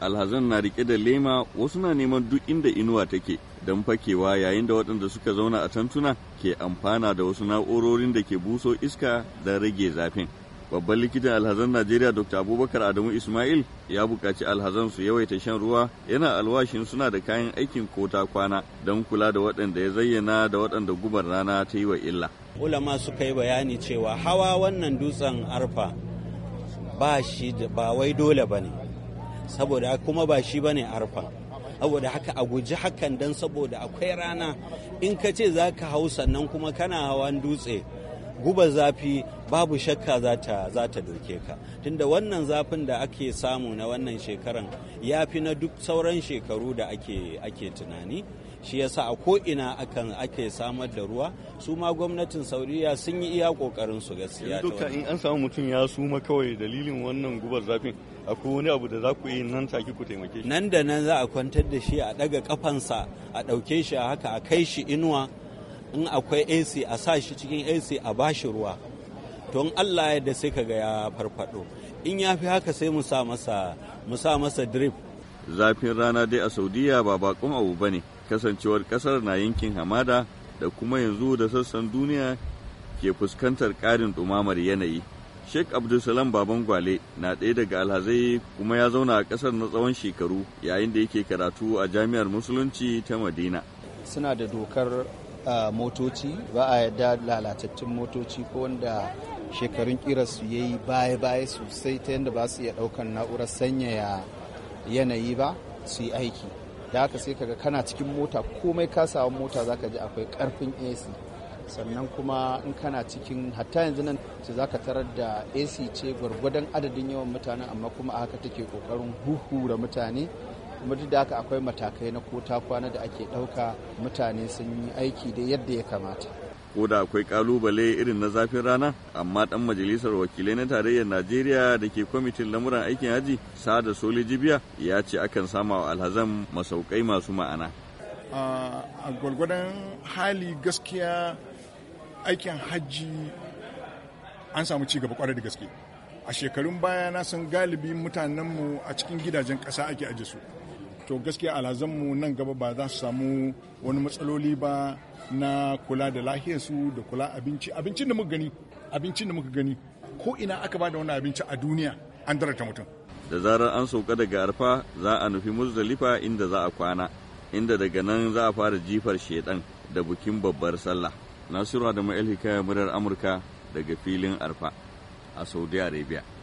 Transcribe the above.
alhazan na rike da lema wasu na neman duk inda inuwa take don fakewa yayin da waɗanda suka zauna a tantuna ke amfana da wasu na'urorin da ke buso iska don rage zafin babban likitan alhazan najeriya dr abubakar adamu ismail ya buƙaci alhazan su yawaita shan ruwa yana alwashin suna da kayan aikin kota kwana don kula da waɗanda ya zayyana da waɗanda gubar rana ta yi wa illa ulama suka yi bayani cewa hawa wannan dutsen arfa ba shi ba wai dole ba ne saboda kuma ba shi bane arfa saboda haka a guji hakan dan saboda akwai rana in ka ce za ka hau sannan kuma kana hawan dutse guba zafi babu shakka za ta doke ka tunda wannan zafin da ake samu na wannan shekaran ya fi na duk sauran shekaru da ake tunani shi yasa a ko'ina akan ake samar da ruwa su ma gwamnatin saudiya sun yi iya kokarin su gaskiya ta in an samu mutum ya suma kawai dalilin wannan gubar zafin akwai wani abu da za ku yi nan take ku taimake shi nan da nan za a kwantar da shi a daga kafansa a dauke shi a haka a kai shi inuwa in akwai AC a sa shi cikin AC a bashi ruwa to in Allah ya da sai kaga ya farfado in ya fi haka sai mu sa masa mu sa masa drip zafin rana dai a saudiya ba bakon abu ba ne kasancewar kasar na yankin hamada da kuma yanzu da sassan duniya ke fuskantar karin dumamar yanayi sheikh abdulsalam baban gwale na ɗaya daga alhazai kuma ya zauna a kasar na tsawon shekaru yayin da yake karatu a jami'ar musulunci ta madina suna da dokar motoci ba a yarda lalatattun motoci ko wanda shekarun kirasu ya yi baya-baya sosai ta yadda ba su iya ɗaukar na'urar sanyaya yanayi ba su yi aiki da haka sai kaga kana cikin mota komai ka samu mota zaka ji akwai karfin AC sannan kuma in kana cikin hatta yanzu nan za zaka tarar da AC ce gwargwadon adadin yawan mutane amma kuma a haka take kokarin huhura mutane kuma duk da haka akwai matakai na ko ta kwana da ake ɗauka mutane sun yi aiki da yadda ya kamata ko da akwai kalubale irin na zafin rana amma dan majalisar wakilai na tarayyar najeriya da ke kwamitin lamuran aikin haji sada soli jibiya ya ce akan sama wa alhazan masaukai masu ma'ana a gwalgwadon hali gaskiya aikin hajji an samu ci gaba kwarai da gaske a shekarun baya na san galibi mutanenmu a cikin gidajen ƙasa ake aje su to gaskiya alhazanmu nan gaba ba za su samu wani matsaloli ba na kula da lahiyarsu da kula abinci abincin da muka gani abincin da muka gani ko ina aka ba da wani abinci a duniya an darata mutum da zarar an sauka daga arfa za a nufi muzdalifa inda za a kwana inda daga nan za a fara jifar shedan da bukin babbar sallah nasiru da ma'il hikaya murar amurka daga filin arfa a saudi arabia